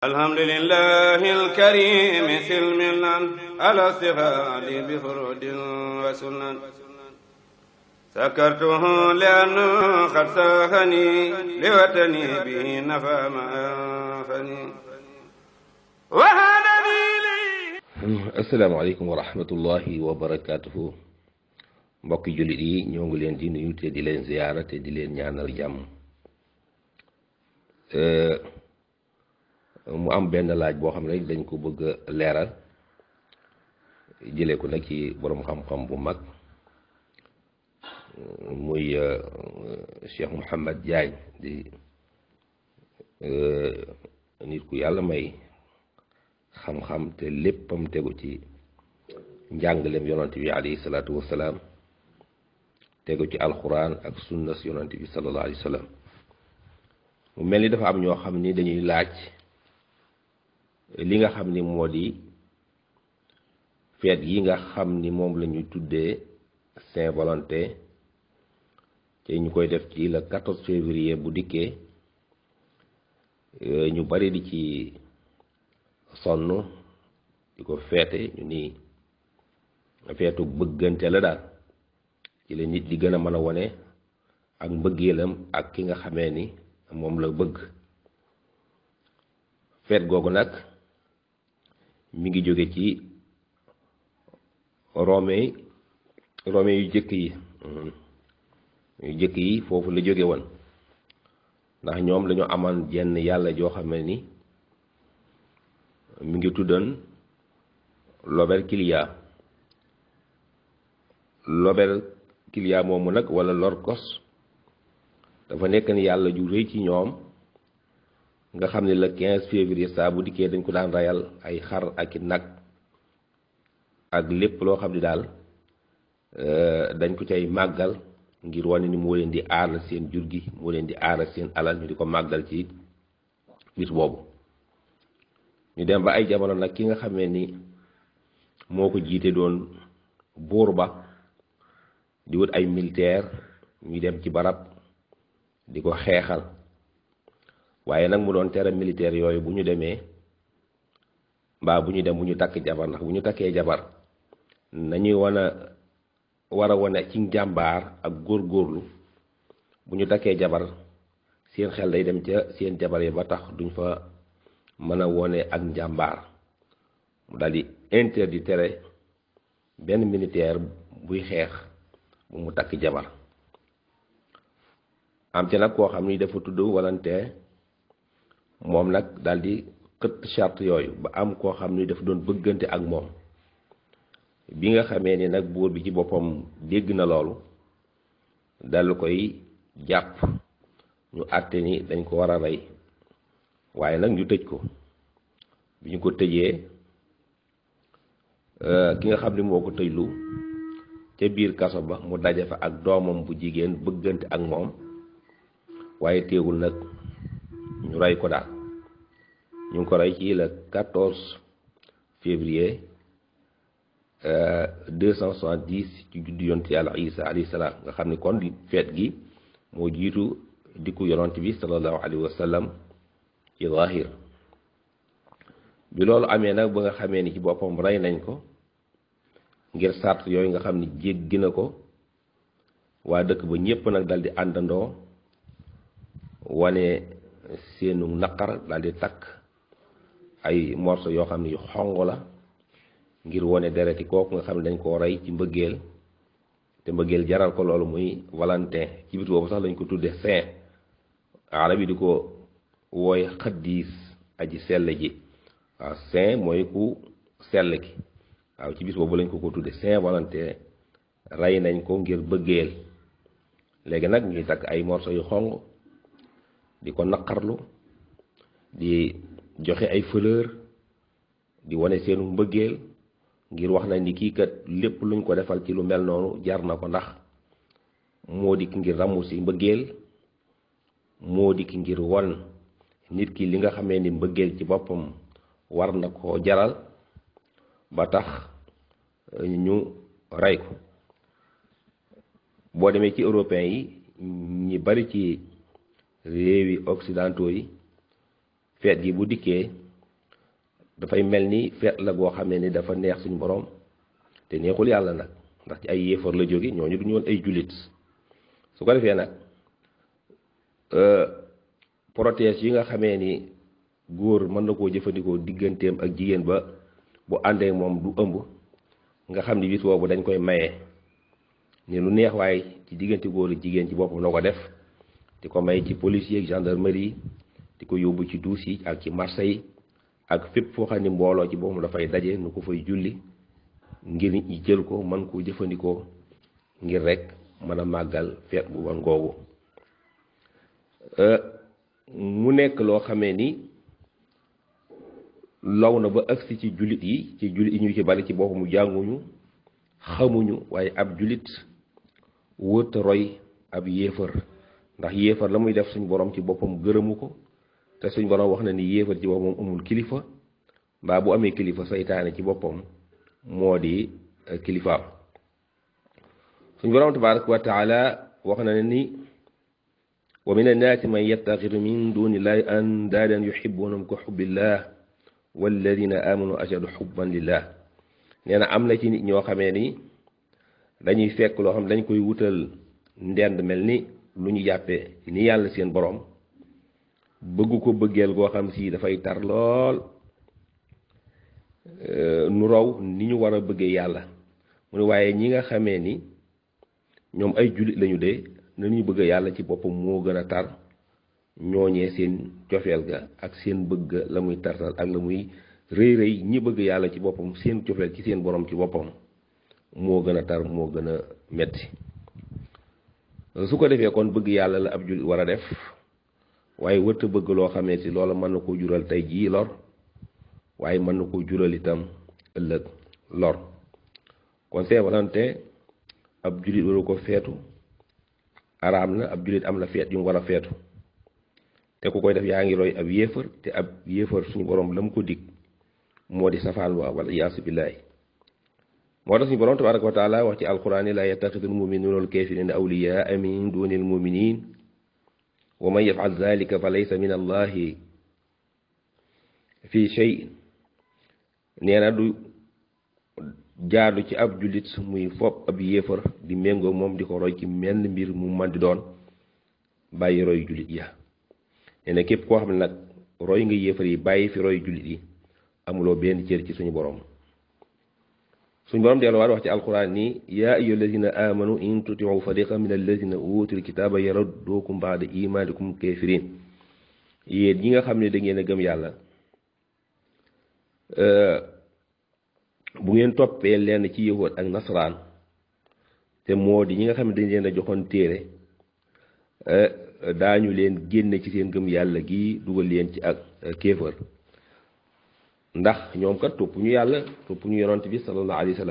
alhamdulilah alkarim silmilan ala stighaali bi furudin wa sunan sakartuhu li annu qad saahani li watani bihi nafa ma anfani assalaamu aleykum wa rahmatullahi wa barakaatuhu mbokki yi ñoo leen di nuyu te di leen ziyaara te di leen ñaanal mu am benn laaj boo xam ne dañ ko bëgg leeral jëlee ko nag ci borom xam-xam bu mag muy euh, Cheikh Mouhamad jaay di euh, nit ku yàlla may xam-xam te léppam tegu ci njàngaleem yonante bi alayhi salaatu wasalaam tegu ci alquran ak sunnas yonante bi sallallahu alayhi mel ni dafa am ñoo xam ni dañuy laaj li nga xam ni moo di feet yi nga xam ni moom la ñu tuddee Saint-Valentin te ñu koy def ci la 14 février bu dikkee euh, ñu bari di ci sonn di ko feete ñu ni feetu bëggante la daal ci la nit di gën a mën a wone ak mbëggeelam ak ki nga xamee ni moom la bëgg feet googu nag mi ngi jóge ci rome rome yu jëkk yi mhm. yu jëkk yi foofu la jóge woon ndax ñoom dañoo amoon jenn yàlla joo xam ni mi ngi tuddoon Loberkilia Loberkilia moomu nag wala lorkos dafa nekk yàlla ju rëy ci ñoom nga xam ne la 15 février saa bu dikkee dañ ko daan rayal ay xar ak i nag ak lépp loo xam ne daal euh, dañ ko ay màggal ngir wane ni moo leen di aaral seen jur gi moo leen di aaral seen alal ñu di ko màggal ci bis boobu ñu dem ba ay jamono nag ki nga xamee ni moo ko jiite doon buur ba di wut ay militaire ñu dem ci barab di ko xeexal waaye nag mu doon tere militaire yooyu bu ñu demee mbaa bu ñu dem bu ñu takk jabar ndax bu ñu takkee jabar nañuy wan a war a wane ci njàmbaar ak góorgóorlu bu ñu takkee jabar seen xel day dem ca seen jabar yi ba tax duñ fa mën a wone ak njàmbaar mu daal di tere benn militaire buy xeex bu mu takk jabar am ca nag koo xam ni dafa tudd volontaire moom nag daldi di xëtt yooyu ba am koo xam ni daf doon bëggante ak moom bi nga xamee ni nag buur bi ci boppam dégg na loolu dal koy jàpp ñu àtte ni dañ ko war a rey waaye nag ñu tëj ko bi ñu ko tëjee euh, ki nga xam ni moo ko tëjlu ca biir kaso ba mu daje fa ak doomam bu jigéen bëggante ak moom waaye teewul nag ñu rey ko daal ñu ngi ko rey ci le 14 février euh, deux cent soixante-dix ci juddu yonent yàlla isa alayhi salaam nga xam ni kon feet gi moo jiitu dikku yonent bi sallallahu alayhi wa sallam ci zahir bi loolu amee nag ba nga xamee ni ci boppam rey nañ ko ngir sart yooyu nga xam ni jéggi na ko waa dëkk ba ñépp nag dal di àndandoo wane seenu naqar daal di takk ay morso yoo xam ne yu xonq la ngir wone dereti kooku nga xam ne dañ koo rey ci mbëggeel te mbëggeel jaral ko loolu muy Valentin ci bit boobu sax lañ ko tudde saint arab yi di ko wooy xaddiis aji sell ji waaw saint mooy ku sell ki waaw ci bis boobu lañ ko ko tudde saint Valentin rey nañ ko ngir bëggeel léegi nag ñuy takk ay morso yu xong di ko naqarlu di joxe ay fleur di wane seenu mbëggeel ngir wax nañ ni kii kat lépp luñ ko defal ci lu mel noonu jar na ko ndax moo dikk ngir ràmmu si mbëggeel moo dikk ngir won nit ki li nga xamee ni mbëggeel ci boppam war na ko jaral ba tax euh, ñu rey ko boo demee ci européen yi ñi bari ci réewi occidentaux yi feet gi bu dikkee dafay mel ni feet la goo xam ne ni dafa neex suñu boroom te neexul yàlla nag ndax ci ay yéefar la jóge ñooñu du ñu woon ay jullit su ko defee nag euh, prothèse yi nga xamee ni góor mën na koo jëfandikoo digganteem ak jigéen ba bu àndee moom du ëmb nga xam ni bis boobu dañ koy maye ni lu neex waaye ci diggante góor ak jigéen ci boppam na ko def di ko may ci police yi ak gendarmerie di ko yóbbu ci duus yi ak ci marché yi ak fépp foo xam ne mbooloo ci boobu dafay daje nu ko fay julli ngir ñi jël ko man koo jëfandikoo ngir rek mën a màggal feet bu bon googu euh, mu nekk loo xamee ni law na ba agsi ci jullit yi ci jullit yi ñu ci bari ci boobu mu jànguñu xamuñu waaye ab jullit wërta roy ab yéefar ndax yéefar la muy def suñ boroom ci boppam gërëmu ko te suñ borom wax na ni yéefar ci boppam amul kilifa amee kilifa saytaane ci boppam moo di eh, kilifaam suñ borom tabaraka wa taala wax na ni wa min annaasi man yattaxidu min dunillahi andaadan yuhibbunahum ka xubbillah walladina amanu ashadu xubban lillah nee na am na ci nit ñoo xamee ni dañuy fekk loo xam dañ koy wutal ndend mel ni lu ñu jàppee ni yàlla seen boroom bëgg ko bëggeel goo xam si dafay tar lool euh, nu raw ni ñu war a bëggee yàlla mu ne waaye ñi nga xamee ni ñoom ay jullit lañu de nañu bëgg yàlla ci boppam moo gën a tar ñooñee seen cofeel ga ak seen bëgg la muy tartal ak la muy rëy rëy bëgg yàlla ci boppam seen cofeel ci seen boroom ci boppam moo gën a tar moo gën a metti su ko defee kon bëgg yàlla la ab jullit war a def waaye wëtt bëgg loo xamee si loola mën na koo jural tey jii lor waaye mën na koo jural itam ëllëg lor kon seebalante ab jullit waru ko feetu araam na ab jullit am na feet yu war a feetu te ku koy def yaa ngi roy ab yéefar te ab yéefar suñu borom la mu ko dig moo di safaan wa wal iyaasu billaahi moo tax suñu borom tabaraka wax ci alquran yi laa yattaxidul muminuuna al kafirina awliyaa min duni al muminin wa man yafal dalika fa laysa min allahi fi shay nee du jaadu ci ab jullit muy fopp ab yéefar di méngoo moom di ko roy ci menn mbir mu man doon bàyyi roy jullit ya nee képp koo xam ne nag roy nga yéefar yi bàyyi fi roy jullit yi amuloo benn cër ci suñu boroom suñ borom delluwaat wax ci alquran ni yaa ayyuha alladina amanu in tutiu fariqa min alladina utul kitaaba yaraddukum baada imanikum kafirin yéen ñi nga xam ne da ngeen a gëm yàlla euh, bu ngeen toppee lenn ci yahuud ak nasaraan te moo di ñi nga xam ne dañ leen a joxoon téere euh, daañu leen génne ci seen gëm yàlla gi dugal leen ci ak kéefër ndax ñoom kat topp ñu yàlla topp ñu yonant bi sallallahu alayhi wa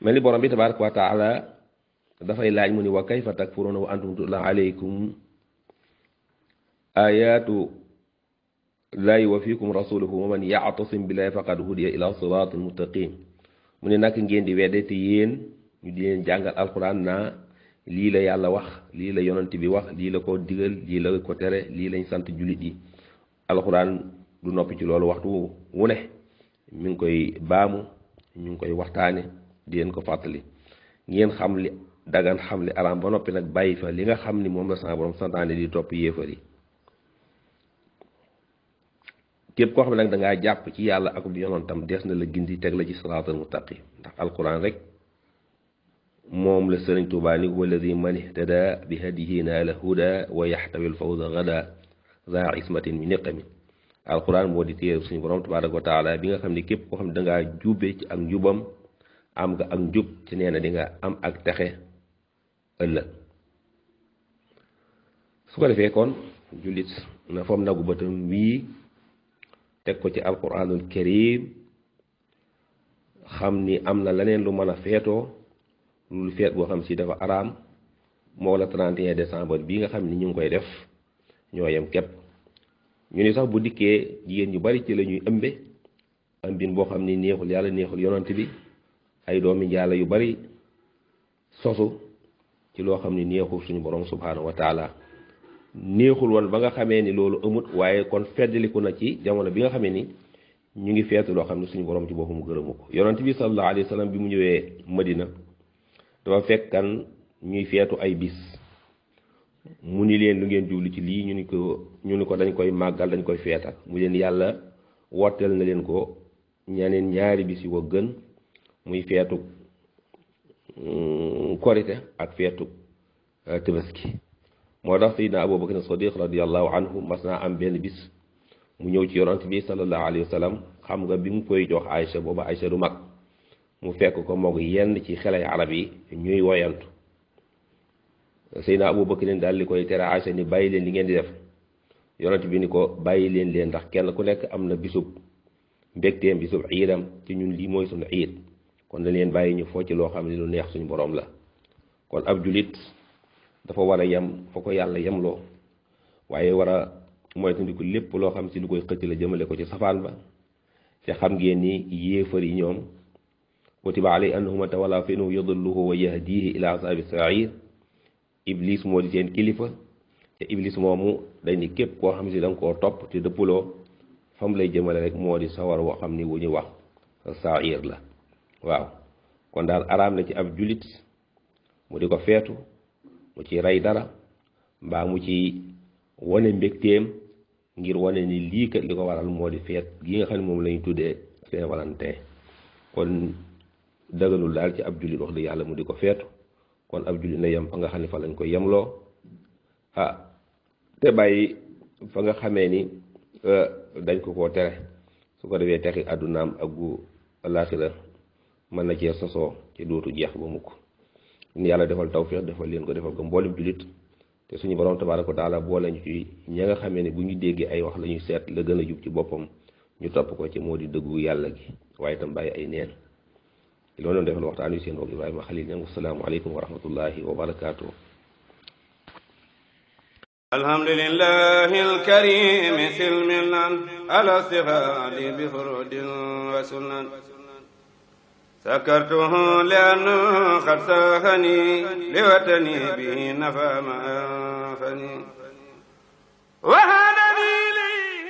mel ni borom bi tabaraka wa taala laaj mu ni wa kayfa takfuruuna wa antum tutla alaykum ayaatu laahi wa fiikum rasuluhu wa man yaatasim billahi mu ne naka ngeen di wedde te yéen ñu di leen jàngal alquran naa lii la yàlla wax lii la yonant bi wax lii la ko digal lii la ko tere lii lañ sant jullit yi alquran du noppi ci loolu waxtu wu ne mi ngi koy baamu ñu ngi koy waxtaane di leen ko fàttali ngeen xam li dagan xam li araam ba noppi nag bàyyi fa li nga xam ni moom la sama borom santaane di topp yéefar yi koo xam ne nag dangaa jàpp ci yàlla ak yonentam des na la gindi teg la ci salaatal muttaqi ndax alquran rek moom la sëriñ Tuubaa ni walladi man ihtada bi hadihi naa la huda wa yaxtawi alfawza gada za ismatin mi niqamin alquran moo di téere suñu borom tabaraka wa taala bi nga xam ne képp koo xam ne dangaa jube ci ak njubam am nga ak njub ci nee na di nga am ak texe ëllëg su ko defee kon jullit na foom nagu bëtam wii teg ko ci alquranul karim xam ni am na leneen lu mën a feetoo lu lu feet boo xam si dafa araam moo la 31 décembre bi nga xam ni ñu ngi koy def ñoo yem képp ñu ni sax bu dikkee jigéen ñu bari ci la ñuy ëmbe ëmbin boo xam ni neexul yàlla neexul yonant bi ay doomi yàlla yu bari sosu ci loo xam ni neexul suñu borom subhaanahu wa taala neexul woon ba nga xamee ni loolu amut waaye kon feddaliku na ci jamono bi nga xamee ni ñu ngi feetu loo xam ne suñu borom ci boppam gërëmu ko yonant bi sallallahu alayhi wa bi mu ñëwee Madina dafa fekkan ñuy feetu ay bis mu ni leen lu ngeen jublu ci lii ñu ni ko ñu ni ko dañ koy màggal dañ koy feetal mu leen yàlla wooteel na leen ko ñeneen ñaari bis yu ko gën muy feetu mm, korite ak feetu euh, tabaski moo tax sayyidina abu bakar sadiq radiallahu anhu mas naa am benn bis mu ñëw ci yonent bi sallallahu alayhi wa xam nga bi mu koy jox Aïcha booba Aïcha du mag mu fekk ko moog yenn ci xelay arab yi ñuy woyantu Seydina leen daal di koy tere Aysa ni bàyyi leen li ngeen di def yonent bi ni ko bàyyi leen leen ndax kenn ku nekk am na bisub mbégteem bisub iidam ci ñun lii mooy suñu iid kon dañ leen bàyyi ñu foo ci loo xam ne lu neex suñu boroom la kon ab julit dafa war a yem fa ko yàlla loo waaye war a moytandiku lépp loo xam si lu koy xëcc la jëmale ko ci safaan ba te xam ngeen ni yéefar yi ñoom kutiba alay annahuma tawala fa innahu yadilluhu wa yahdihi ila iblis moo di seen kilifa te iblis moomu dañ ni képp koo xam si da nga koo topp te dëppuloo fam lay jëmale rek moo di sawar woo xam ni wu ñu wax sair la waaw kon daal araam na ci ab julit mu di ko feetu mu ci rey dara mbaa mu ci wane mbégteem ngir wane ni lii kat li ko waral moo di feet gi nga xam ne moom la ñu tuddee Saint Valentin kon daganul daal ci ab jullit wax dëgg yàlla mu di ko feetu kon am jullit na yem fa nga xam ne fa lañ koy yemloo ah te bàyyi fa nga xamee ni euh, dañ ko koo tere su ko defee texi àddunaam ak gu laaxira mën na cee sosoo ci dootu jeex ba mukk ni yàlla defal tawfiq defal leen ko defal ko mboolem jullit te suñu borom tabaaraka wa taala boole ñu ci ña nga xamee ne bu ñu déggee ay wax la ñuy seet la gën a jub ci boppam ñu topp ko ci moo di dëggu yàlla gi waaye itam bàyyi ay neen li ma doon defal waxtaan wi seen mbokk Ibrahima Khalil ñang asalaamualeykum wa rahmatullahi wa barakatuh alhamdulillahi alkarim silmilan ala sihali bi furudin wa sunan سكرته لأنه قد ساخني لوطني به نفى ما أنفني وهذا